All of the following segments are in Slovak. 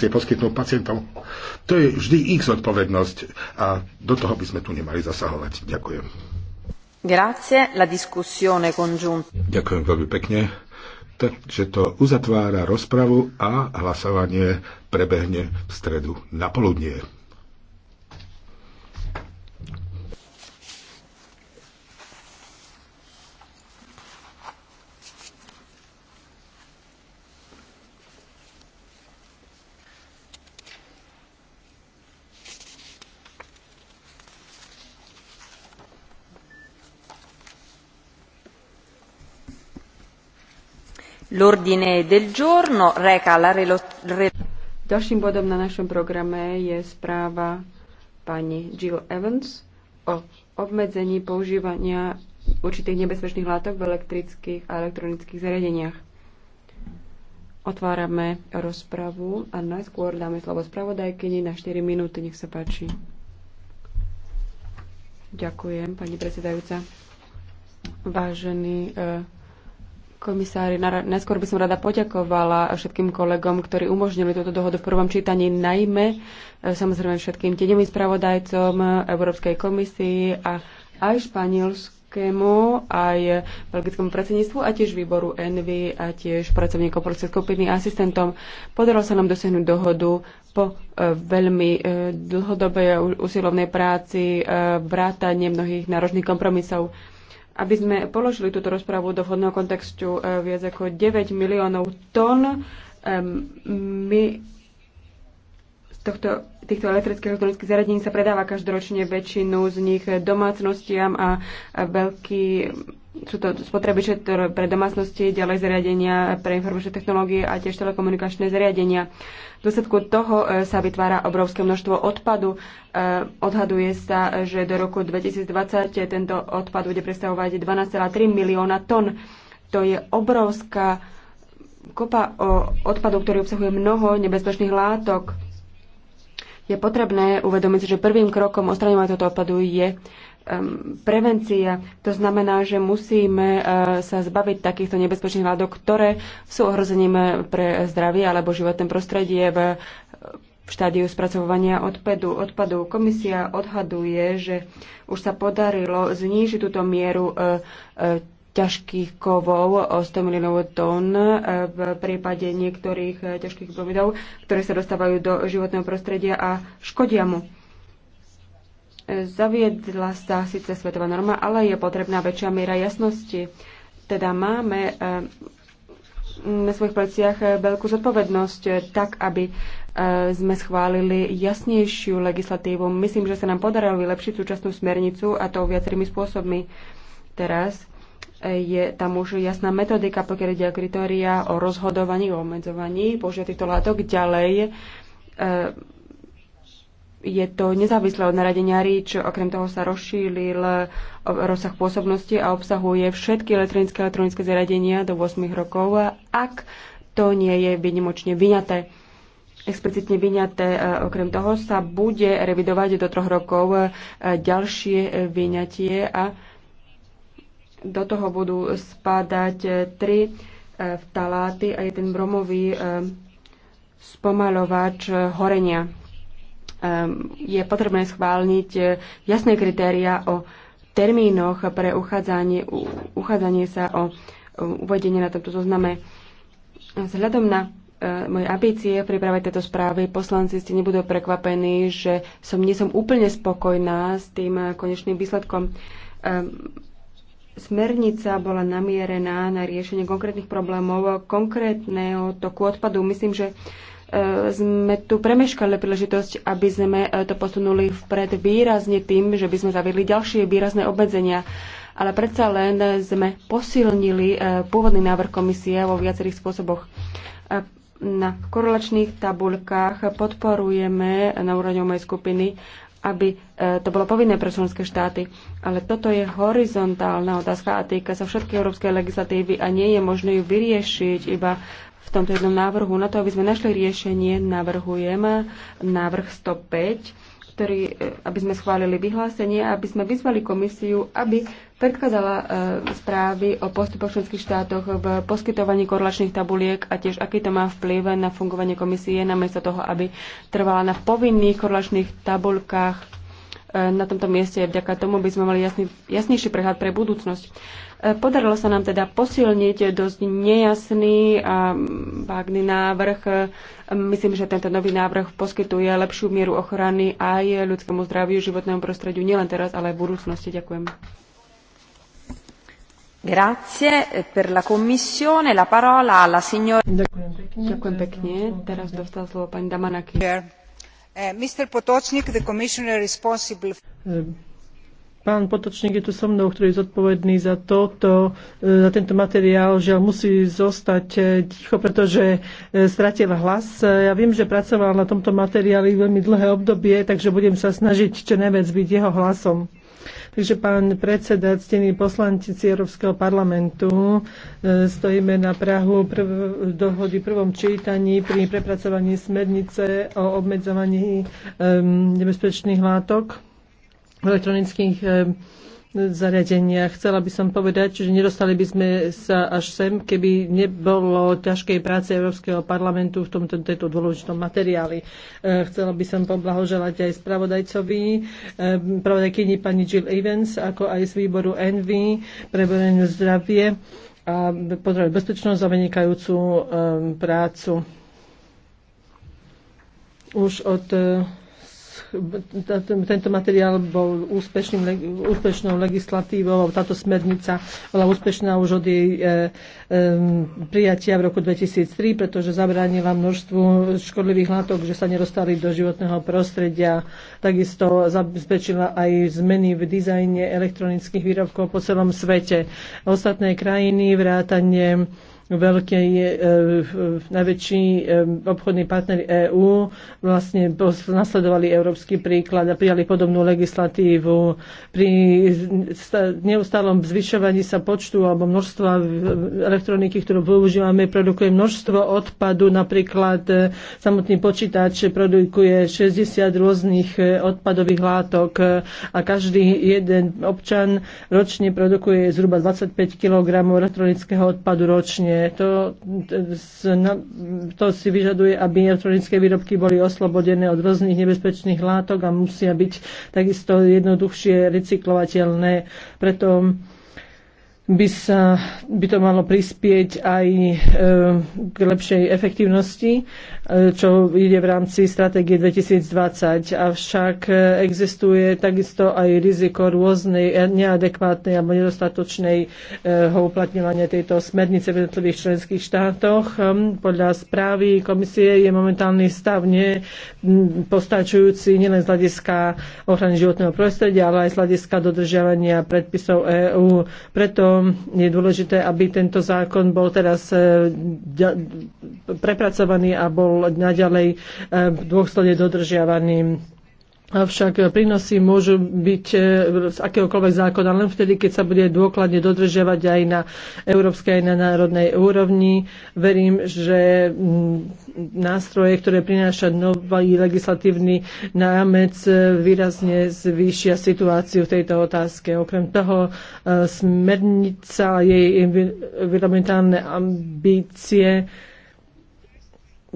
informácie poskytnúť pacientom. To je vždy ich zodpovednosť a do toho by sme tu nemali zasahovať. Ďakujem. Grazie, la discussione congiunta. Ďakujem veľmi pekne. Takže to uzatvára rozpravu a hlasovanie prebehne v stredu na poludnie. Ďalším bodom na našom programe je správa pani Jill Evans o obmedzení používania určitých nebezpečných látok v elektrických a elektronických zariadeniach. Otvárame rozpravu a najskôr dáme slovo spravodajkyni na 4 minúty. Nech sa páči. Ďakujem, pani predsedajúca. Vážený eh, komisári, najskôr by som rada poďakovala všetkým kolegom, ktorí umožnili túto dohodu v prvom čítaní, najmä e, samozrejme všetkým tedemým spravodajcom e, Európskej komisii a aj španielskému, aj belgickému predsedníctvu a tiež výboru Envy a tiež pracovníkom polskej skupiny a asistentom. Podarilo sa nám dosiahnuť dohodu po e, veľmi dlhodobej usilovnej práci, vrátanie mnohých náročných kompromisov aby sme položili túto rozprávu do vhodného kontextu e, viac ako 9 miliónov tón e, my z tohto, týchto elektrických elektronických zariadení sa predáva každoročne väčšinu z nich domácnostiam a veľký sú to spotrebiče pre domácnosti, ďalej zariadenia pre informačné technológie a tiež telekomunikačné zariadenia. V dôsledku toho e, sa vytvára obrovské množstvo odpadu. E, odhaduje sa, že do roku 2020 tento odpad bude predstavovať 12,3 milióna tón. To je obrovská kopa odpadu, ktorý obsahuje mnoho nebezpečných látok. Je potrebné uvedomiť si, že prvým krokom odstraňovania tohto odpadu je prevencia. To znamená, že musíme e, sa zbaviť takýchto nebezpečných látok, ktoré sú ohrozením e, pre zdravie alebo životné prostredie v štádiu spracovania odpadu. odpadu. Komisia odhaduje, že už sa podarilo znížiť túto mieru e, ťažkých kovov o 100 miliónov tón v prípade niektorých ťažkých bromidov, ktoré sa dostávajú do životného prostredia a škodia mu. Zaviedla sa síce svetová norma, ale je potrebná väčšia miera jasnosti. Teda máme eh, na svojich pleciach eh, veľkú zodpovednosť, eh, tak aby sme schválili jasnejšiu legislatívu. Myslím, že sa nám podarilo vylepšiť súčasnú smernicu a to viacerými spôsobmi. Teraz je tam už jasná metodika, pokiaľ ide o kritória, o rozhodovaní, o obmedzovaní použitia týchto látok. Ďalej je to nezávislé od naradenia REACH, okrem toho sa rozšíril eh, rozsah pôsobnosti a obsahuje všetky elektronické elektronické zariadenia do 8 rokov, ak to nie je vynimočne vyňaté explicitne vyňaté. Eh, okrem toho sa bude revidovať do troch rokov eh, ďalšie vyňatie a do toho budú spadať tri vtaláty a jeden bromový spomalovač horenia. Ehm, je potrebné schválniť eh, jasné kritéria o termínoch pre uchádzanie, uchádzanie sa o uvedenie na tomto zozname. Vzhľadom na eh, moje ambície v príprave tejto správy, poslanci ste nebudú prekvapení, že som, nie som úplne spokojná s tým eh, konečným výsledkom. Ehm, smernica bola namierená na riešenie konkrétnych problémov, konkrétneho toku odpadu. Myslím, že E, sme tu premeškali príležitosť, aby sme e, to posunuli vpred výrazne tým, že by sme zaviedli ďalšie výrazné obmedzenia. Ale predsa len sme posilnili e, pôvodný návrh komisie vo viacerých spôsoboch. Na korelačných tabuľkách podporujeme na úrovni mojej skupiny aby to bolo povinné pre členské štáty. Ale toto je horizontálna otázka a týka sa všetkej európskej legislatívy a nie je možné ju vyriešiť iba v tomto jednom návrhu. Na to, aby sme našli riešenie, navrhujem návrh 105, ktorý, e, aby sme schválili vyhlásenie a aby sme vyzvali komisiu, aby predkázala e, správy o postupoch členských štátoch v poskytovaní korlačných tabuliek a tiež aký to má vplyv na fungovanie komisie, namiesto toho, aby trvala na povinných korlačných tabulkách na tomto mieste. Vďaka tomu by sme mali jasný, jasnejší prehľad pre budúcnosť. E, podarilo sa nám teda posilniť dosť nejasný a vágný návrh. E, myslím, že tento nový návrh poskytuje lepšiu mieru ochrany aj ľudskému zdraviu, životnému prostrediu, nielen teraz, ale aj v budúcnosti. Ďakujem. Grazie per la commissione. La parola alla signora... Ďakujem pekne. Ďakujem pekne. Teraz dostal slovo pani Damanaki. Yeah. Eh, eh, pán Potočník je tu so mnou, ktorý je zodpovedný za toto, eh, za tento materiál. Žiaľ, musí zostať ticho, pretože stratil hlas. Ja viem, že pracoval na tomto materiáli veľmi dlhé obdobie, takže budem sa snažiť čo najviac byť jeho hlasom. Takže pán predseda, ctení poslanci Európskeho parlamentu, e, stojíme na Prahu prv, dohody v prvom čítaní pri prepracovaní smernice o obmedzovaní um, nebezpečných látok v elektronických um, zariadenia. Chcela by som povedať, že nedostali by sme sa až sem, keby nebolo ťažkej práce Európskeho parlamentu v tomto tejto dôležitom materiáli. E, chcela by som poblahoželať aj spravodajcovi, e, spravodajkyni pani Jill Evans, ako aj z výboru Envy pre zdravie a pozdravím bezpečnosť za vynikajúcu e, prácu. Už od tento materiál bol úspešným, úspešnou legislatívou, táto smernica bola úspešná už od jej e, e, prijatia v roku 2003, pretože zabránila množstvu škodlivých látok, že sa nedostali do životného prostredia. Takisto zabezpečila aj zmeny v dizajne elektronických výrobkov po celom svete. Ostatné krajiny, vrátanie Veľký e, e, najväčší e, obchodní partner EÚ vlastne nasledovali európsky príklad a prijali podobnú legislatívu. Pri neustálom zvyšovaní sa počtu alebo množstva elektroniky, ktorú používame, produkuje množstvo odpadu. Napríklad samotný počítač produkuje 60 rôznych odpadových látok a každý jeden občan ročne produkuje zhruba 25 kg elektronického odpadu ročne to, to si vyžaduje, aby elektronické výrobky boli oslobodené od rôznych nebezpečných látok a musia byť takisto jednoduchšie recyklovateľné. Preto by, sa, by to malo prispieť aj e, k lepšej efektívnosti, e, čo ide v rámci stratégie 2020. Avšak existuje takisto aj riziko rôznej neadekvátnej alebo nedostatočnej e, uplatňovania tejto smernice v jednotlivých členských štátoch. Hm, podľa správy komisie je momentálny stav nepostačujúci nielen z hľadiska ochrany životného prostredia, ale aj z hľadiska dodržiavania predpisov EÚ. Preto je dôležité, aby tento zákon bol teraz e, prepracovaný a bol naďalej e, dôsledne dodržiavaný. Avšak prínosy môžu byť e, z akéhokoľvek zákona len vtedy, keď sa bude dôkladne dodržiavať aj na európskej, aj na národnej úrovni. Verím, že mm, nástroje, ktoré prináša nový legislatívny námec, e, výrazne zvýšia situáciu v tejto otázke. Okrem toho e, smernica, a jej environmentálne ambície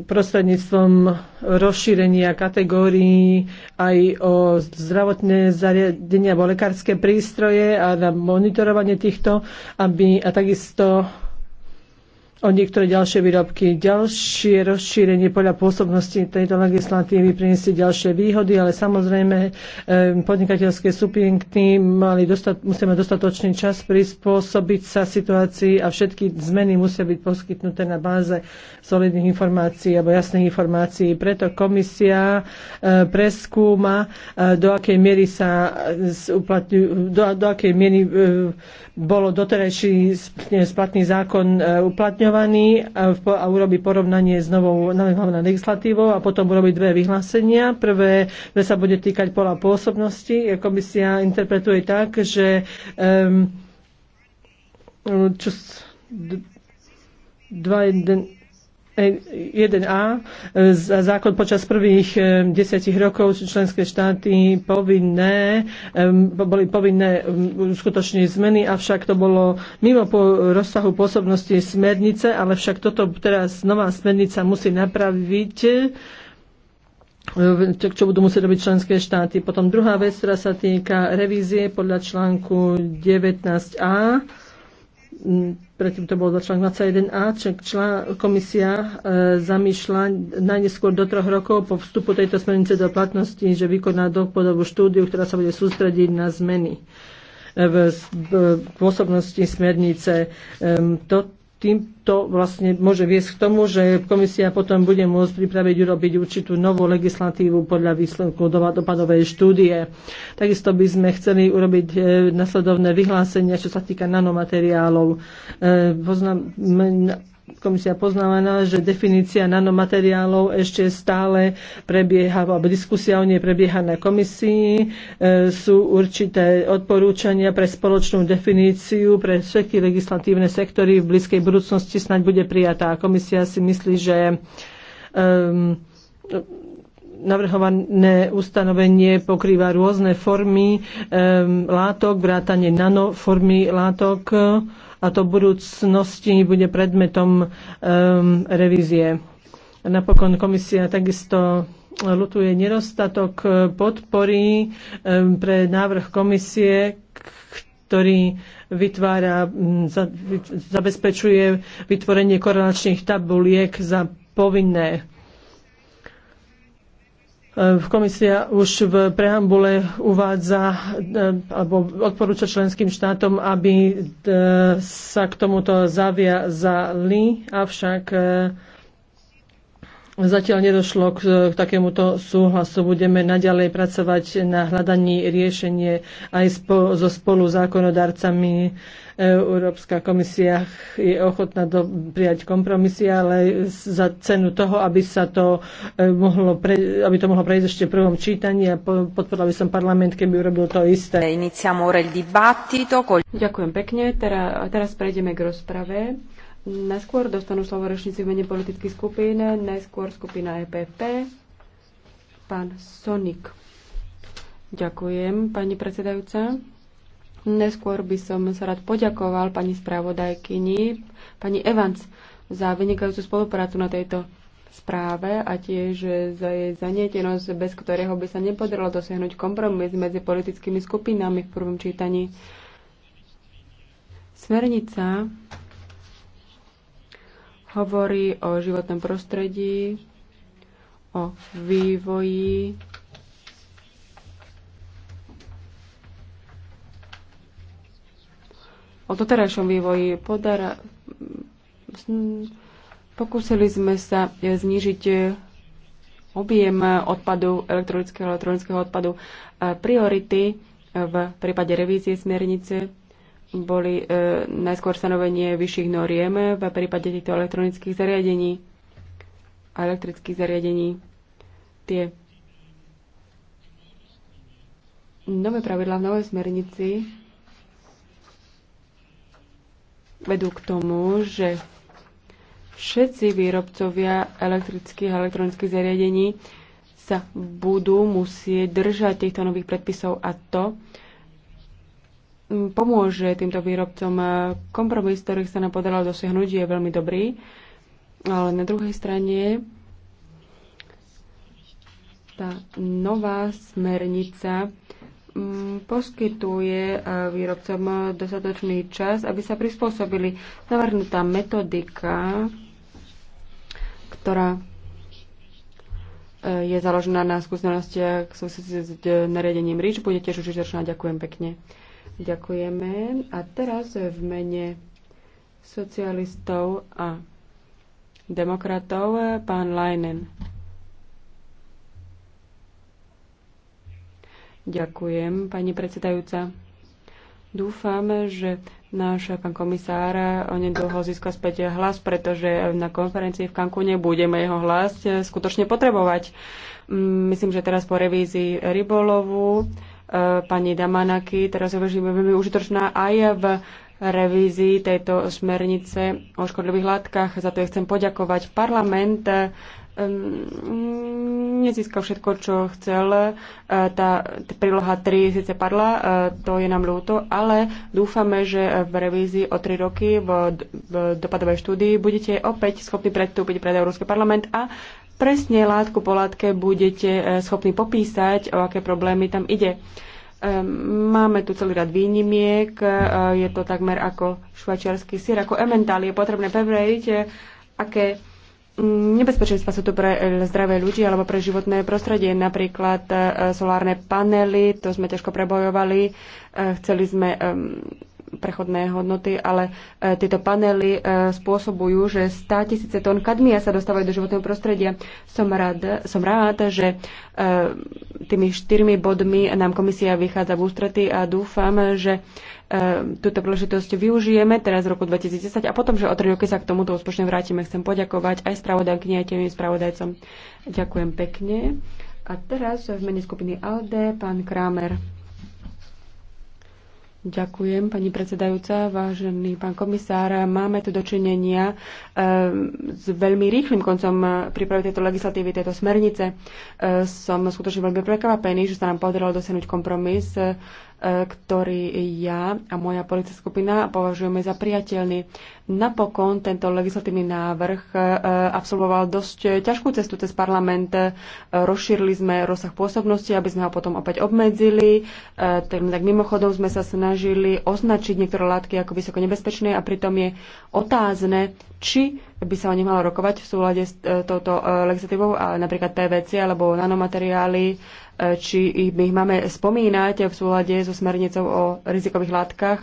prostredníctvom rozšírenia kategórií aj o zdravotné zariadenia alebo lekárske prístroje a na monitorovanie týchto aby, a takisto o niektoré ďalšie výrobky. Ďalšie rozšírenie podľa pôsobnosti tejto legislatívy priniesie ďalšie výhody, ale samozrejme podnikateľské subjekty mali dostat, musíme mať dostatočný čas prispôsobiť sa situácii a všetky zmeny musia byť poskytnuté na báze solidných informácií alebo jasných informácií. Preto komisia e, preskúma, e, do akej miery sa e, uplatňujú, do, do akej miery bolo doterajší splatný zákon uplatňovaný zaangažovaní e, a urobí porovnanie s novou hlavnou legislatívou a potom urobí dve vyhlásenia. Prvé sa bude týkať pola pôsobnosti. E, Komisia interpretuje tak, že um, čo, dva, jeden, 1a e, e, za zákon počas prvých e, desiatich rokov sú členské štáty povinné, boli povinné skutočne zmeny, avšak to bolo mimo po rozsahu pôsobnosti smernice, ale však toto teraz nová smernica musí napraviť čo budú musieť robiť členské štáty. Potom druhá vec, ktorá sa týka revízie podľa článku 19a Mm, predtým to bolo článok 21a, člen, člán, komisia e, zamýšľa najneskôr do troch rokov po vstupu tejto smernice do platnosti, že vykoná dopodobu štúdiu, ktorá sa bude sústrediť na zmeny e, v, v, v pôsobnosti smernice. E, to, týmto vlastne môže viesť k tomu, že komisia potom bude môcť pripraviť urobiť určitú novú legislatívu podľa výsledkov dopadovej štúdie. Takisto by sme chceli urobiť e, nasledovné vyhlásenia, čo sa týka nanomateriálov. E, poznám, komisia poznávaná, že definícia nanomateriálov ešte stále prebieha, alebo diskusia o nej prebieha na komisii. E, sú určité odporúčania pre spoločnú definíciu pre všetky legislatívne sektory v blízkej budúcnosti snaď bude prijatá. Komisia si myslí, že um, navrhované ustanovenie pokrýva rôzne formy um, látok, vrátanie nanoformy látok. Um, a to budúcnosti bude predmetom um, revízie. Napokon komisia takisto lutuje nedostatok podpory um, pre návrh komisie, ktorý vytvára, zabezpečuje vytvorenie korelačných tabuliek za povinné Ehm, komisia už v preambule uvádza ehm, alebo odporúča členským štátom, aby ehm, sa k tomuto zaviazali, avšak Zatiaľ nedošlo k, k takémuto súhlasu. Budeme naďalej pracovať na hľadaní riešenie aj spo, so spolu zákonodarcami. Európska komisia je ochotná do, prijať kompromisy, ale za cenu toho, aby sa to e, mohlo, pre, aby to mohlo prejsť ešte v prvom čítaní a podporila by som parlament, keby urobil to isté. Ďakujem pekne. Teraz, teraz prejdeme k rozprave. Najskôr dostanú slovo rečníci v mene politických skupín, najskôr skupina EPP, pán Sonik. Ďakujem, pani predsedajúca. Neskôr by som sa rád poďakoval pani spravodajkyni, pani Evans, za vynikajúcu spoluprácu na tejto správe a tiež za jej zanietenosť, bez ktorého by sa nepodarilo dosiahnuť kompromis medzi politickými skupinami v prvom čítaní. Smernica hovorí o životnom prostredí, o vývoji o doterajšom vývoji podara... Pokúsili sme sa znižiť objem odpadu, elektronického a elektronického odpadu. Priority v prípade revízie smernice boli e, najskôr stanovenie vyšších noriem v prípade týchto elektronických zariadení a elektrických zariadení. Tie nové pravidlá v novej smernici vedú k tomu, že všetci výrobcovia elektrických a elektronických zariadení sa budú musieť držať týchto nových predpisov a to pomôže týmto výrobcom. Kompromis, ktorý sa nám podarilo dosiahnuť, je veľmi dobrý, ale na druhej strane tá nová smernica mm, poskytuje eh, výrobcom dostatočný čas, aby sa prispôsobili. Navrhnutá metodika, ktorá eh, je založená na skúsenostiach súvisí s nariadením RIČ, bude tiež užitočná. Ďakujem pekne. Ďakujeme. A teraz v mene socialistov a demokratov pán Leinen. Ďakujem, pani predsedajúca. Dúfam, že náš pán komisár onedlho získa späť hlas, pretože na konferencii v Kanku nebudeme jeho hlas skutočne potrebovať. Mm, myslím, že teraz po revízii rybolovu Eh, pani Damanaki teraz hovoríme veľmi užitočná aj v revízii tejto smernice o škodlivých látkach. Za to ja chcem poďakovať. Parlament um, nezískal všetko, čo chcel. Eh, tá príloha 3 síce padla, eh, to je nám ľúto, ale dúfame, že v revízii o 3 roky v, v dopadovej štúdii budete opäť schopní predstúpiť pred Európsky parlament a presne látku po látke budete e, schopní popísať, o aké problémy tam ide. E, máme tu celý rad výnimiek, e, je to takmer ako švajčiarsky sír, ako ementál. Je potrebné preveriť, aké nebezpečenstva sú tu pre zdravé ľudí alebo pre životné prostredie. Napríklad solárne panely, to sme ťažko prebojovali. Chceli sme prechodné hodnoty, ale e, tieto panely e, spôsobujú, že 100 tisíce tón kadmia sa dostávajú do životného prostredia. Som rád, som rád že e, tými štyrmi bodmi nám komisia vychádza v ústrety a dúfam, že túto príležitosť využijeme teraz v roku 2010 a potom, že o tri roky sa k tomuto úspešne vrátime. Chcem poďakovať aj spravodajkyni, aj tým spravodajcom. Ďakujem pekne. A teraz v mene skupiny ALDE pán Kramer. Ďakujem, pani predsedajúca, vážený pán komisár. Máme tu dočinenia e, s veľmi rýchlým koncom prípravy tejto legislatívy, tejto smernice. E, som skutočne veľmi prekvapený, že sa nám podarilo dosiahnuť kompromis. E, E, ktorý ja a moja politická skupina považujeme za priateľný. Napokon tento legislatívny návrh e, absolvoval dosť ťažkú cestu cez parlament. E, rozšírili sme rozsah pôsobnosti, aby sme ho potom opäť obmedzili. Tak mimochodom sme sa snažili označiť niektoré látky ako vysoko nebezpečné a pritom je otázne, či by sa o nich malo rokovať v súlade s touto legislatívou, napríklad PVC alebo nanomateriály či my ich máme spomínať v súlade so smernicou o rizikových látkach.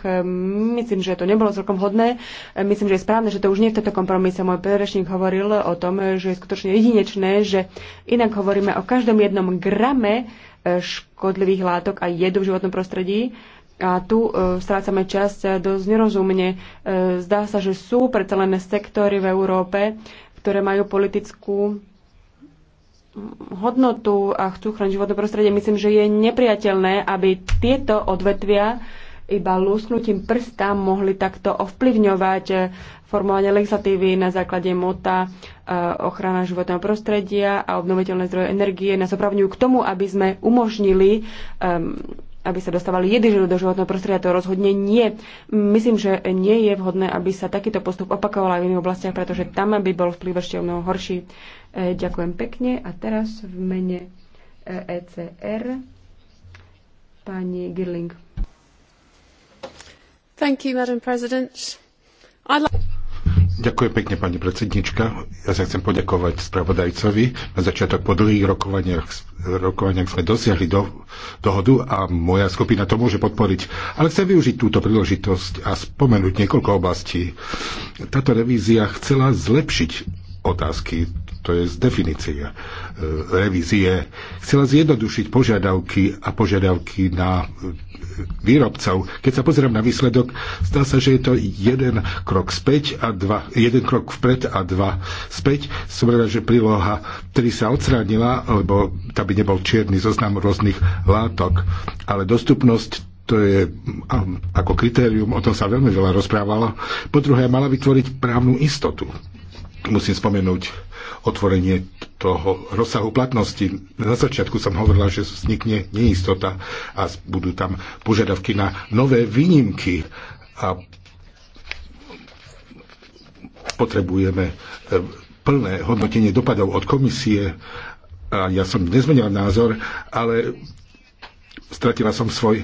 Myslím, že to nebolo celkom hodné. Myslím, že je správne, že to už nie je v tejto kompromise. Môj predrečník hovoril o tom, že je skutočne jedinečné, že inak hovoríme o každom jednom grame e, škodlivých látok a jedu v životnom prostredí. A tu e, strácame časť e, dosť nerozumne. E, zdá sa, že sú predsa len sektory v Európe, ktoré majú politickú hodnotu a chcú chrániť životné prostredie, myslím, že je nepriateľné, aby tieto odvetvia iba lúsknutím prsta mohli takto ovplyvňovať eh, formovanie legislatívy na základe mota eh, ochrana životného prostredia a obnoviteľné zdroje energie nás opravňujú k tomu, aby sme umožnili um, aby sa dostávali jedy do životného prostredia, to rozhodne nie. Myslím, že nie je vhodné, aby sa takýto postup opakoval aj v iných oblastiach, pretože tam by bol vplyv ešte o mnoho horší. E, Ďakujem pekne a teraz v mene ECR e pani Girling. Thank you, Madam President. I'd like... Ďakujem pekne, pani predsednička. Ja sa chcem poďakovať spravodajcovi. Na začiatok po dlhých rokovaniach, rokovaniach sme dosiahli do, dohodu a moja skupina to môže podporiť. Ale chcem využiť túto príležitosť a spomenúť niekoľko oblastí. Táto revízia chcela zlepšiť otázky to je z definície e, revízie, chcela zjednodušiť požiadavky a požiadavky na e, výrobcov. Keď sa pozerám na výsledok, zdá sa, že je to jeden krok späť a dva, jeden krok vpred a dva späť. Som rada, že príloha 3 sa odstránila, lebo tam by nebol čierny zoznam rôznych látok. Ale dostupnosť to je ako kritérium, o tom sa veľmi veľa rozprávalo. Po druhé, mala vytvoriť právnu istotu musím spomenúť otvorenie toho rozsahu platnosti. Na začiatku som hovorila, že vznikne neistota a budú tam požiadavky na nové výnimky a potrebujeme e, plné hodnotenie dopadov od komisie a ja som nezmenil názor, ale stratila som svoj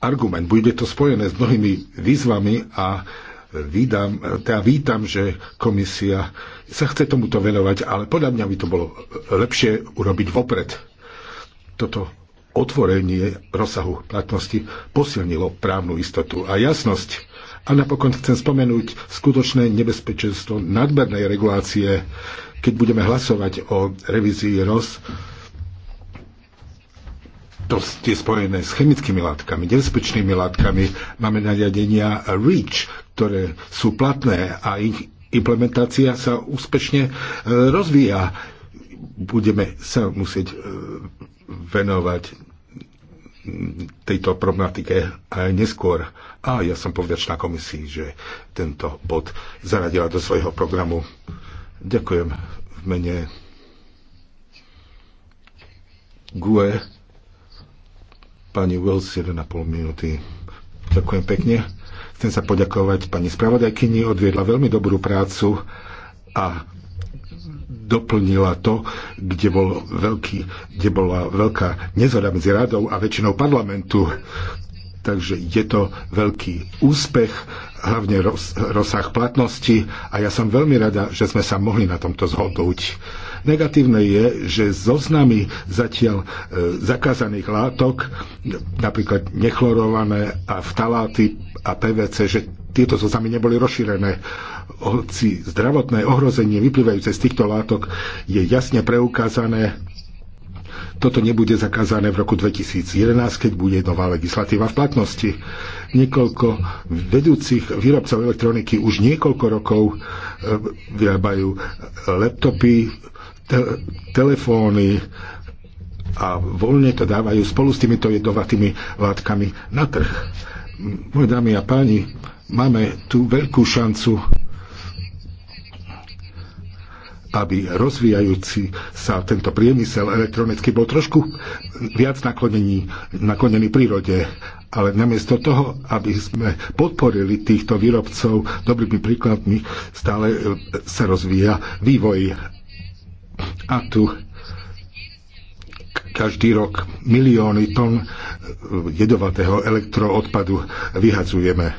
argument. Bude to spojené s mnohými výzvami a vydám, teda vítam, že komisia sa chce tomuto venovať, ale podľa mňa by to bolo lepšie urobiť vopred. Toto otvorenie rozsahu platnosti posilnilo právnu istotu a jasnosť. A napokon chcem spomenúť skutočné nebezpečenstvo nadmernej regulácie, keď budeme hlasovať o revízii ROS to je spojené s chemickými látkami, nebezpečnými látkami. Máme nariadenia REACH, ktoré sú platné a ich implementácia sa úspešne e, rozvíja. Budeme sa musieť e, venovať tejto problematike aj neskôr. A ja som na komisii, že tento bod zaradila do svojho programu. Ďakujem v mene GUE Pani Wills, 1,5 minúty. Ďakujem pekne. Chcem sa poďakovať pani spravodajkyni, odviedla veľmi dobrú prácu a doplnila to, kde, bol veľký, kde bola veľká nezhoda medzi radou a väčšinou parlamentu. Takže je to veľký úspech, hlavne roz, rozsah platnosti a ja som veľmi rada, že sme sa mohli na tomto zhodnúť Negatívne je, že zoznamy zatiaľ e, zakázaných látok, napríklad nechlorované a vtaláty a PVC, že tieto zoznamy neboli rozšírené. Hoci zdravotné ohrozenie vyplývajúce z týchto látok je jasne preukázané, toto nebude zakázané v roku 2011, keď bude nová legislatíva v platnosti. Niekoľko vedúcich výrobcov elektroniky už niekoľko rokov e, vyrábajú laptopy, te- telefóny a voľne to dávajú spolu s týmito jedovatými látkami na trh. Moje dámy a páni, máme tu veľkú šancu aby rozvíjajúci sa tento priemysel elektronicky bol trošku viac naklonený, naklonený prírode. Ale namiesto toho, aby sme podporili týchto výrobcov dobrými príkladmi, stále sa rozvíja vývoj a tu každý rok milióny tón e, jedovatého elektroodpadu vyhadzujeme.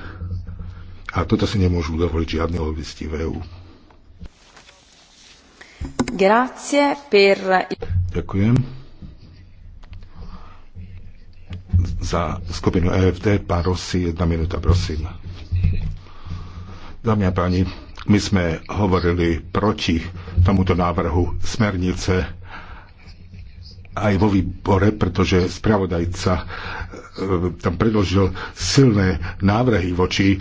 A toto si nemôžu dovoliť žiadne lobbysti v EÚ. Per... Ďakujem. Za skupinu EFD, pán Rossi, jedna minúta, prosím. Dámy a páni, my sme hovorili proti tomuto návrhu smernice aj vo výbore, pretože spravodajca e, tam predložil silné návrhy voči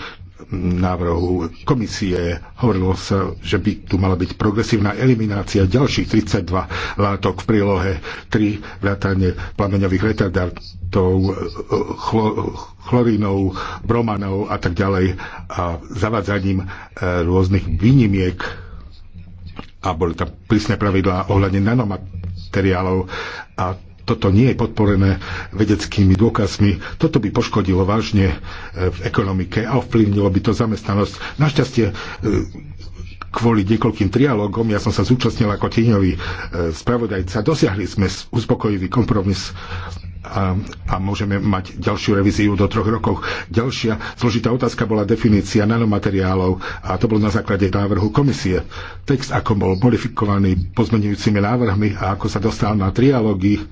návrhu komisie. Hovorilo sa, že by tu mala byť progresívna eliminácia ďalších 32 látok v prílohe 3 vrátane plameňových retardátov tou eh, chlorinou, bromanou a tak ďalej a zavádzaním eh, rôznych výnimiek a boli tam prísne pravidlá ohľadne nanomateriálov a toto nie je podporené vedeckými dôkazmi. Toto by poškodilo vážne eh, v ekonomike a ovplyvnilo by to zamestnanosť. Našťastie kvôli niekoľkým trialogom, ja som sa zúčastnil ako tieňový spravodajca, dosiahli sme uspokojivý kompromis a, a môžeme mať ďalšiu revíziu do troch rokov. Ďalšia zložitá otázka bola definícia nanomateriálov a to bolo na základe návrhu komisie. Text, ako bol modifikovaný pozmenujúcimi návrhmi a ako sa dostal na trialógy,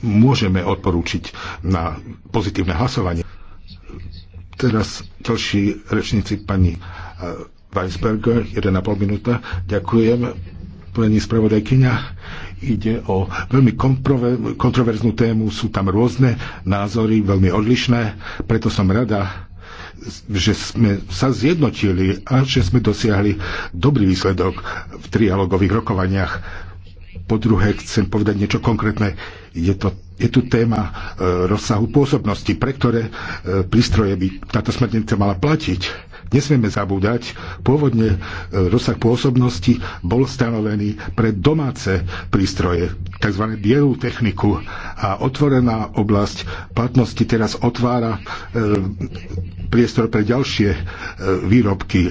môžeme odporúčiť na pozitívne hlasovanie. Teraz ďalší rečníci pani e, Weisberger, 1,5 minúta. Ďakujem pani spravodajkyňa Ide o veľmi kontroverznú tému, sú tam rôzne názory, veľmi odlišné, preto som rada, že sme sa zjednotili a že sme dosiahli dobrý výsledok v trialogových rokovaniach. Po druhé, chcem povedať niečo konkrétne. Je, to, je tu téma e, rozsahu pôsobnosti, pre ktoré e, prístroje by táto smernica mala platiť Nesmieme zabúdať, pôvodne e, rozsah pôsobnosti bol stanovený pre domáce prístroje, tzv. bielú techniku a otvorená oblasť platnosti teraz otvára e, priestor pre ďalšie e, výrobky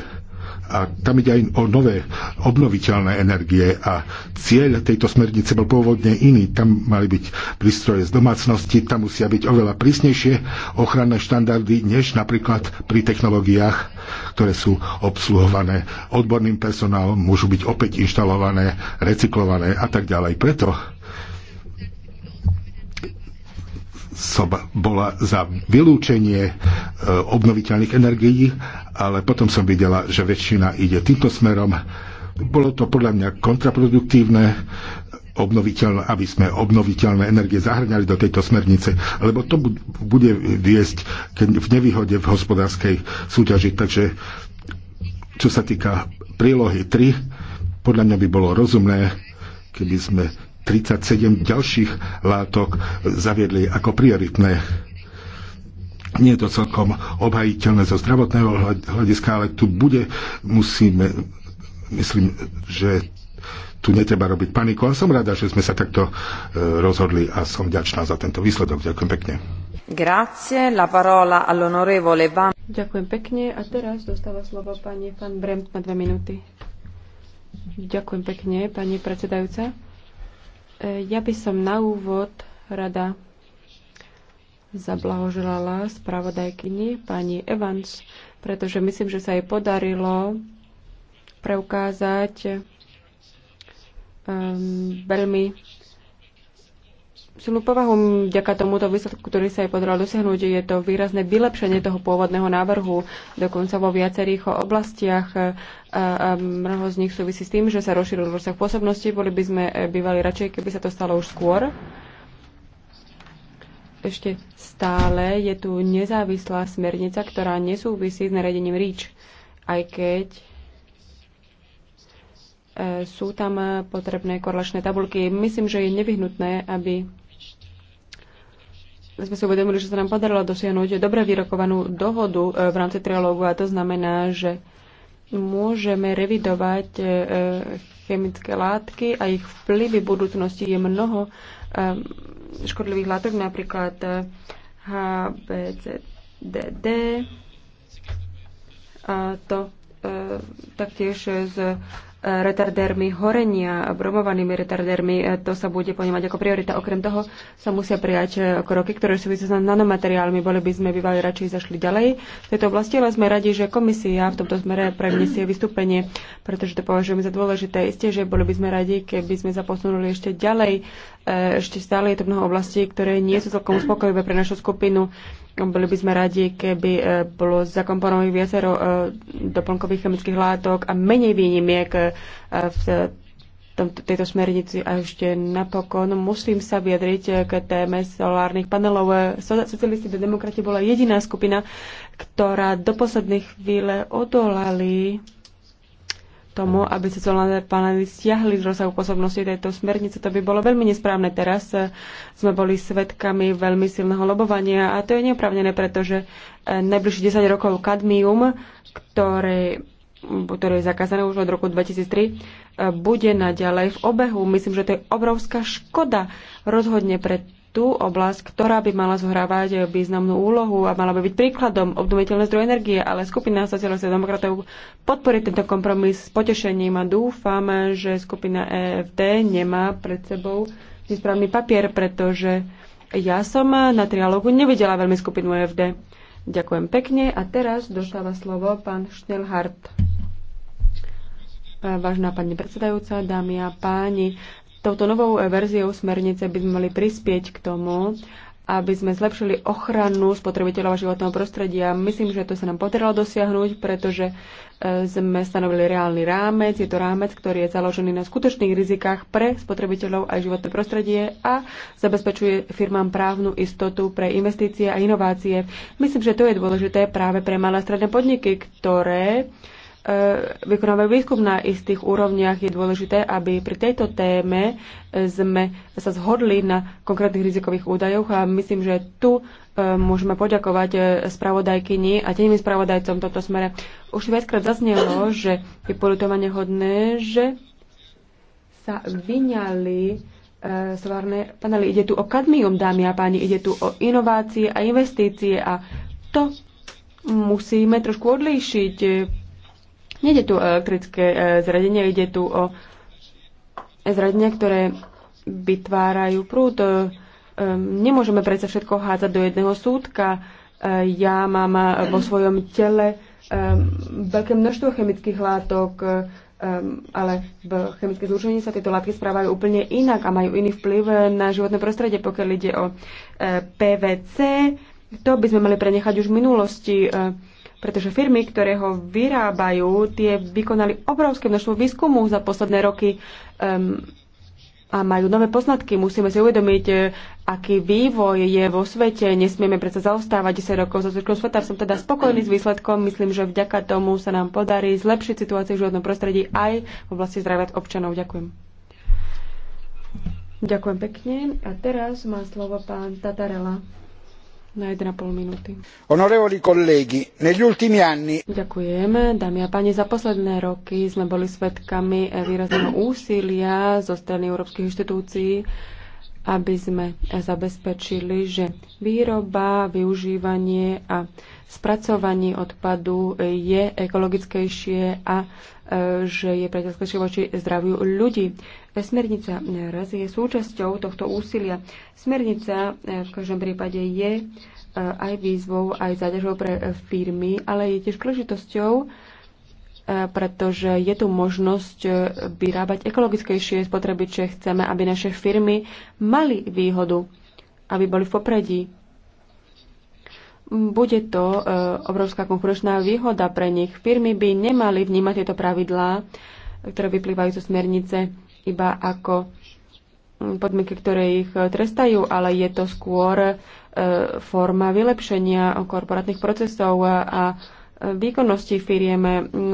a tam ide aj o nové obnoviteľné energie a cieľ tejto smernice bol pôvodne iný. Tam mali byť prístroje z domácnosti, tam musia byť oveľa prísnejšie ochranné štandardy, než napríklad pri technológiách, ktoré sú obsluhované odborným personálom, môžu byť opäť inštalované, recyklované a tak ďalej. Preto som bola za vylúčenie e, obnoviteľných energií, ale potom som videla, že väčšina ide týmto smerom. Bolo to podľa mňa kontraproduktívne, obnoviteľné, aby sme obnoviteľné energie zahrňali do tejto smernice, lebo to bude viesť v nevýhode v hospodárskej súťaži. Takže čo sa týka prílohy 3, podľa mňa by bolo rozumné, keby sme 37 ďalších látok zaviedli ako prioritné. Nie je to celkom obhajiteľné zo zdravotného hľadiska, ale tu bude, musíme, myslím, že tu netreba robiť paniku, A som rada, že sme sa takto e, rozhodli a som ďačná za tento výsledok. Ďakujem pekne. Grazie, la parola all'onorevole Van. Ďakujem pekne a teraz dostáva slovo pani Van Bremt na dve minúty. Ďakujem pekne, pani predsedajúca. E, ja by som na úvod rada zablahoželala spravodajkyni pani Evans, pretože myslím, že sa jej podarilo preukázať um, veľmi silnú povahu vďaka tomuto výsledku, ktorý sa jej podaral dosiahnuť. Je to výrazné vylepšenie toho pôvodného návrhu, dokonca vo viacerých oblastiach. A, a mnoho z nich súvisí s tým, že sa rozšíril rozsah pôsobnosti. Boli by sme e, bývali radšej, keby sa to stalo už skôr. Ešte stále je tu nezávislá smernica, ktorá nesúvisí s nariadením REACH, aj keď e, sú tam potrebné korlačné tabulky. Myslím, že je nevyhnutné, aby my sme si uvedomili, že sa nám podarilo dosiahnuť dobre vyrokovanú dohodu e, v rámci trialógu a to znamená, že môžeme revidovať e, chemické látky a ich vplyvy v budúcnosti je mnoho e, škodlivých látok, napríklad HBCDD a to taktiež z retardérmi horenia, bromovanými retardérmi. E, to sa bude ponímať ako priorita. Okrem toho sa musia prijať e, kroky, ktoré sú s nanomateriálmi. Boli by sme bývali radšej zašli ďalej v tejto oblasti, ale sme radi, že komisia v tomto smere predniesie vystúpenie, pretože to považujeme za dôležité. Isté, že boli by sme radi, keby sme sa posunuli ešte ďalej. E, ešte stále je to mnoho oblastí, ktoré nie sú celkom uspokojivé pre našu skupinu. Boli by sme radi, keby e, bolo zakomponovaných viacero e, doplnkových chemických látok a menej výnimiek e, v tejto smernici. A ešte napokon musím sa vyjadriť k téme solárnych panelov. Socialisti a demokrati bola jediná skupina, ktorá do poslednej chvíle odolali tomu, aby sa solárne panely stiahli z rozsahu pôsobnosti tejto smernice. To by bolo veľmi nesprávne. Teraz eh, sme boli svedkami veľmi silného lobovania a to je neopravnené, pretože eh, najbližšie 10 rokov kadmium, ktoré ktoré je zakázané už od roku 2003, eh, bude naďalej v obehu. Myslím, že to je obrovská škoda rozhodne pre tú oblasť, ktorá by mala zohrávať významnú úlohu a mala by byť príkladom obnoviteľné zdroje energie, ale skupina sociálnych demokratov podporí tento kompromis s potešením a dúfam, že skupina EFD nemá pred sebou nesprávny papier, pretože ja som na trialógu nevidela veľmi skupinu EFD. Ďakujem pekne a teraz dostáva slovo pán Schnellhardt. Vážená pani predsedajúca, dámy a páni, Touto novou verziou smernice by sme mali prispieť k tomu, aby sme zlepšili ochranu spotrebiteľov a životného prostredia. Myslím, že to sa nám podarilo dosiahnuť, pretože e, sme stanovili reálny rámec. Je to rámec, ktorý je založený na skutočných rizikách pre spotrebiteľov a životné prostredie a zabezpečuje firmám právnu istotu pre investície a inovácie. Myslím, že to je dôležité práve pre malé a stredné podniky, ktoré uh, E, vykonávajú výskum na istých úrovniach, je dôležité, aby pri tejto téme e, sme sa zhodli na konkrétnych rizikových údajoch a myslím, že tu e, môžeme poďakovať spravodajkyni a tým spravodajcom v tomto smere. Už viackrát zaznelo, že je politovanie hodné, že sa vyňali solárne panely. Ide tu o kadmium, dámy a páni, ide tu o inovácie a investície a to musíme trošku odlíšiť Nede tu o elektrické e, zradenie, ide tu o zradenia, ktoré vytvárajú prúd. E, nemôžeme predsa všetko hádzať do jedného súdka. E, ja mám vo svojom tele veľké množstvo chemických látok, ale v chemické zlúčení sa tieto látky správajú úplne inak a majú iný vplyv na životné prostredie, pokiaľ ide o PVC. To by sme mali prenechať už v minulosti pretože firmy, ktoré ho vyrábajú, tie vykonali obrovské množstvo výskumu za posledné roky um, a majú nové poznatky. Musíme si uvedomiť, e, aký vývoj je vo svete. Nesmieme predsa zaostávať 10 rokov za zvyškom sveta. Som teda spokojný s výsledkom. Myslím, že vďaka tomu sa nám podarí zlepšiť situáciu v životnom prostredí aj v oblasti zdravia občanov. Ďakujem. Ďakujem pekne. A teraz má slovo pán Tatarela na 1,5 minúty. negli ultimi anni... Ďakujem, dámy a páni. Za posledné roky sme boli svedkami výrazného úsilia zo strany európskych inštitúcií aby sme zabezpečili, že výroba, využívanie a spracovanie odpadu je ekologickejšie a e, že je priateľskejšie voči zdraviu ľudí. Smernica raz je súčasťou tohto úsilia. Smernica e, v každom prípade je e, aj výzvou, aj záťažou pre firmy, ale je tiež príležitosťou pretože je tu možnosť e, vyrábať ekologickejšie spotrebiče. Chceme, aby naše firmy mali výhodu, aby boli v popredí. Bude to e, obrovská konkurenčná výhoda pre nich. Firmy by nemali vnímať tieto pravidlá, ktoré vyplývajú zo smernice, iba ako podmienky, ktoré ich e, trestajú, ale je to skôr forma vylepšenia korporátnych procesov a výkonnosti firiem.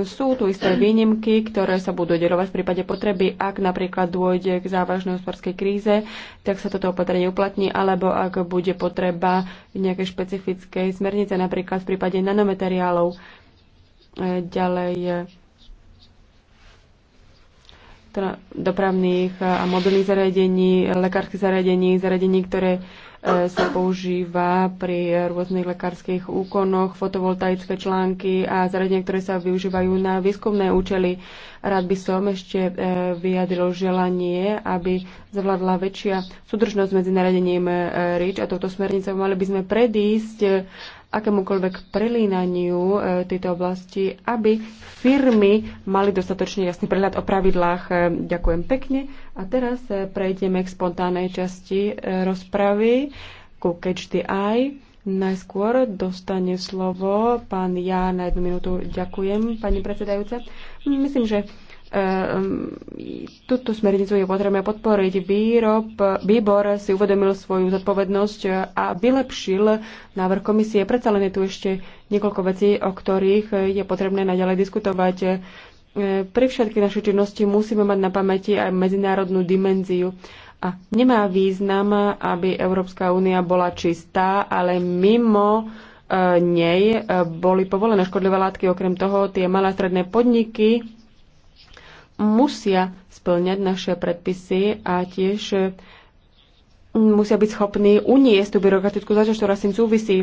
Sú tu isté výnimky, ktoré sa budú delovať v prípade potreby. Ak napríklad dôjde k závažnej hospodárskej kríze, tak sa toto opatrenie uplatní, alebo ak bude potreba nejakej špecifickej smernice, napríklad v prípade nanomateriálov. E, ďalej e, dopravných a mobilných zariadení, lekárskych zariadení, zariadení, ktoré E, sa používa pri rôznych lekárskych úkonoch, fotovoltaické články a zariadenia, ktoré sa využívajú na výskumné účely. Rád by som ešte e, vyjadril želanie, aby zavládla väčšia súdržnosť medzi naradením e, REACH a touto smernicou. Mali by sme predísť akémukoľvek prelínaniu e, tejto oblasti, aby firmy mali dostatočne jasný prehľad o pravidlách. E, ďakujem pekne. A teraz e, prejdeme k spontánnej časti rozpravy ku Catch the Eye. Najskôr dostane slovo pán Ja na jednu minútu. Ďakujem, pani predsedajúca. Myslím, že Ehm, Tuto smernicu je potrebné podporiť. Výrob, výbor si uvedomil svoju zodpovednosť a vylepšil návrh komisie. Predsa len je tu ešte niekoľko vecí, o ktorých je potrebné naďalej diskutovať. Ehm, pri všetky naše činnosti musíme mať na pamäti aj medzinárodnú dimenziu. A nemá význam, aby Európska únia bola čistá, ale mimo eh, nej eh, boli povolené škodlivé látky. Okrem toho tie malé stredné podniky musia splňať naše predpisy a tiež e, musia byť schopní uniesť tú byrokratickú záťaž, ktorá s tým súvisí.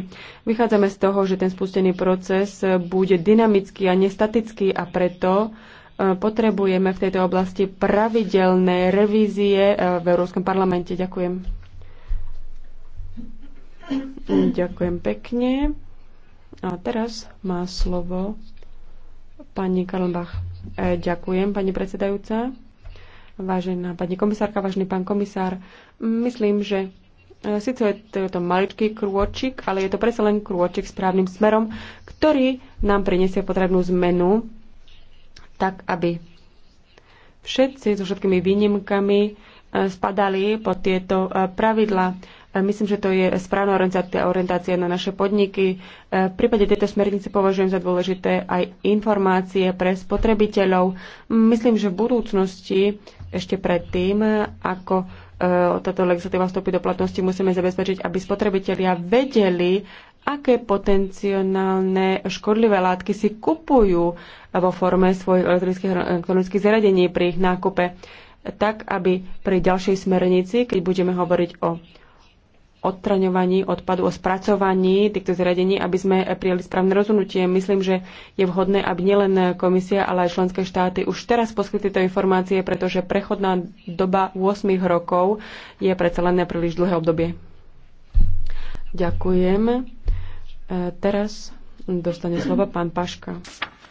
Vychádzame z toho, že ten spustený proces bude dynamický a nestatický a preto e, potrebujeme v tejto oblasti pravidelné revízie e, v Európskom parlamente. Ďakujem. Ďakujem pekne. A teraz má slovo pani Karlbach. E, ďakujem, pani predsedajúca. Vážená pani komisárka, vážený pán komisár, myslím, že e, síce je to, je to maličký krôčik, ale je to predsa len krôčik správnym smerom, ktorý nám prinesie potrebnú zmenu, tak aby všetci so všetkými výnimkami e, spadali pod tieto pravidla. Myslím, že to je správna orientácia na naše podniky. E, v prípade tejto smernice považujem za dôležité aj informácie pre spotrebiteľov. Myslím, že v budúcnosti, ešte predtým, ako e, táto legislatíva vstúpi do platnosti, musíme zabezpečiť, aby spotrebitelia vedeli, aké potenciálne škodlivé látky si kupujú vo forme svojich elektronických, elektronických zariadení pri ich nákupe, tak aby pri ďalšej smernici, keď budeme hovoriť o odtraňovaní odpadu, o spracovaní týchto zariadení, aby sme prijali správne rozhodnutie. Myslím, že je vhodné, aby nielen komisia, ale aj členské štáty už teraz poskytli tieto informácie, pretože prechodná doba 8 rokov je predsa len príliš dlhé obdobie. Ďakujem. E, teraz dostane slovo pán Paška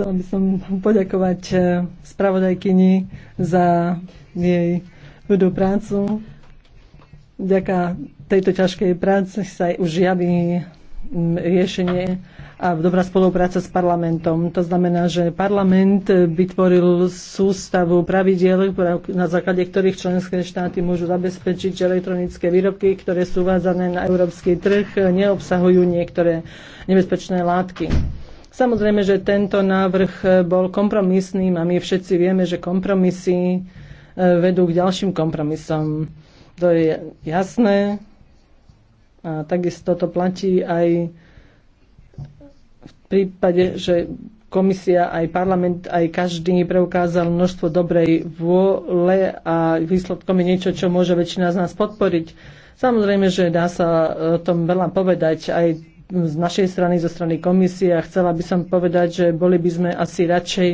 chcela by som poďakovať eh, spravodajkyni za jej ľudú prácu. Vďaka tejto ťažkej práci sa už javí mm, riešenie a dobrá spolupráca s parlamentom. To znamená, že parlament vytvoril sústavu pravidiel, na základe ktorých členské štáty môžu zabezpečiť, že elektronické výrobky, ktoré sú uvádzané na európsky trh, neobsahujú niektoré nebezpečné látky. Samozrejme, že tento návrh bol kompromisný a my všetci vieme, že kompromisy e, vedú k ďalším kompromisom. To je jasné a takisto to platí aj v prípade, že komisia, aj parlament, aj každý preukázal množstvo dobrej vôle a výsledkom je niečo, čo môže väčšina z nás podporiť. Samozrejme, že dá sa e, o tom veľa povedať. Aj z našej strany, zo strany komisie a chcela by som povedať, že boli by sme asi radšej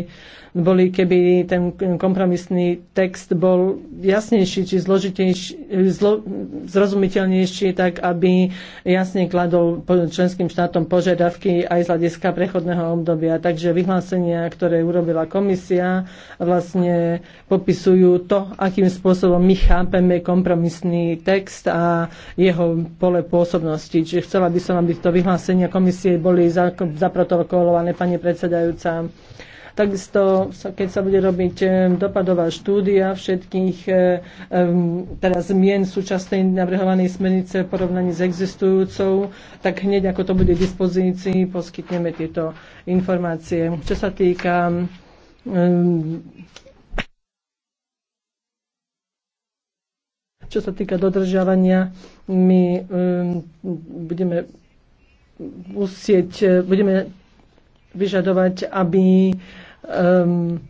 boli, keby ten kompromisný text bol jasnejší či zložitejší, zlo, zrozumiteľnejší, tak aby jasne kladol členským štátom požiadavky aj z hľadiska prechodného obdobia. Takže vyhlásenia, ktoré urobila komisia, vlastne popisujú to, akým spôsobom my chápeme kompromisný text a jeho pole pôsobnosti. Čiže chcela by som, aby to vyhlásenie vyhlásenia komisie boli zaprotokolované, pani predsedajúca. Takisto, keď sa bude robiť e, dopadová štúdia všetkých e, teda zmien súčasnej navrhovanej smernice v porovnaní s existujúcou, tak hneď ako to bude v dispozícii, poskytneme tieto informácie. Čo sa týka čo sa týka dodržiavania, my um, budeme musieť, e, budeme vyžadovať, aby um,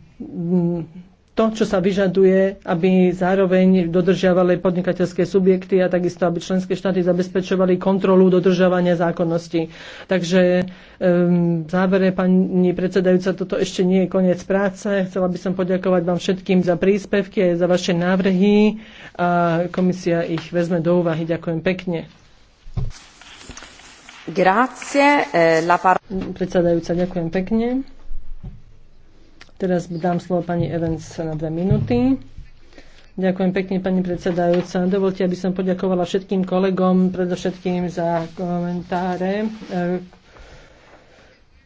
to, čo sa vyžaduje, aby zároveň dodržiavali podnikateľské subjekty a takisto, aby členské štáty zabezpečovali kontrolu dodržiavania zákonnosti. Takže um, v závere, pani predsedajúca, toto ešte nie je koniec práce. Chcela by som poďakovať vám všetkým za príspevky a za vaše návrhy a komisia ich vezme do úvahy. Ďakujem pekne. Grazie. Eh, la par- Predsedajúca, ďakujem pekne. Teraz dám slovo pani Evans na dve minúty. Ďakujem pekne, pani predsedajúca. Dovolte, aby som poďakovala všetkým kolegom, predovšetkým za komentáre k eh,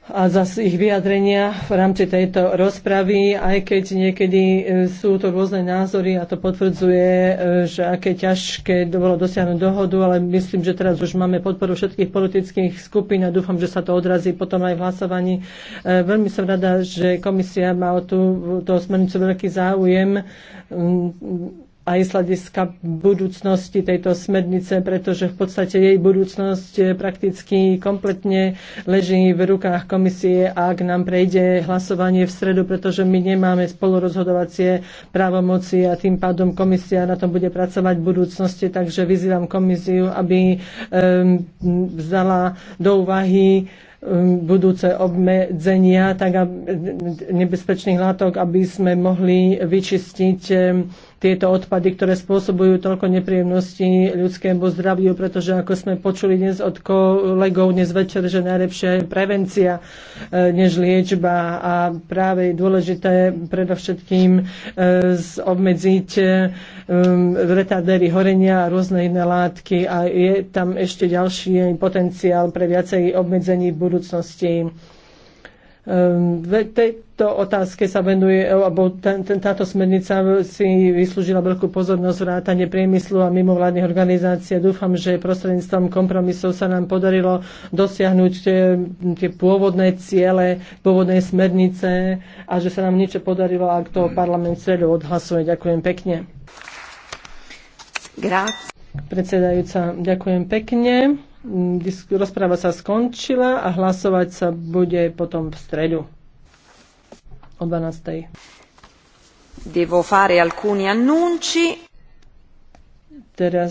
a za ich vyjadrenia v rámci tejto rozpravy, aj keď niekedy e, sú to rôzne názory a to potvrdzuje, e, že aké ťažké bolo dosiahnuť dohodu, ale myslím, že teraz už máme podporu všetkých politických skupín a dúfam, že sa to odrazí potom aj v hlasovaní. E, veľmi som rada, že komisia má o túto smernicu veľký záujem mm, aj z hľadiska budúcnosti tejto smernice, pretože v podstate jej budúcnosť eh, prakticky kompletne leží v rukách komisie, ak nám prejde hlasovanie v stredu, pretože my nemáme spolurozhodovacie právomoci a tým pádom komisia na tom bude pracovať v budúcnosti, takže vyzývam komisiu, aby um, vzala do úvahy Um, budúce obmedzenia tak nebezpečných látok, aby sme mohli vyčistiť um, tieto odpady, ktoré spôsobujú toľko nepríjemností ľudskému zdraviu, pretože ako sme počuli dnes od kolegov dnes večer, že najlepšia je prevencia uh, než liečba a práve je dôležité predovšetkým uh, obmedziť um, retardéry horenia a rôzne iné látky a je tam ešte ďalší potenciál pre viacej obmedzení v budúcnosti. Ehm, v tejto otázke sa venuje, e alebo ten, ten, táto smernica si vyslúžila veľkú pozornosť vrátane priemyslu a mimovládnych organizácií. Dúfam, že prostredníctvom kompromisov sa nám podarilo dosiahnuť tie, tie pôvodné ciele, pôvodné smernice a že sa nám niečo podarilo, ak to parlament stredu odhlasuje. Ďakujem pekne. Grazie. Predsedajúca, ďakujem pekne. Mm, rozpráva sa skončila a hlasovať sa bude potom v stredu o 12. Devo fare alcuni annunci. Teraz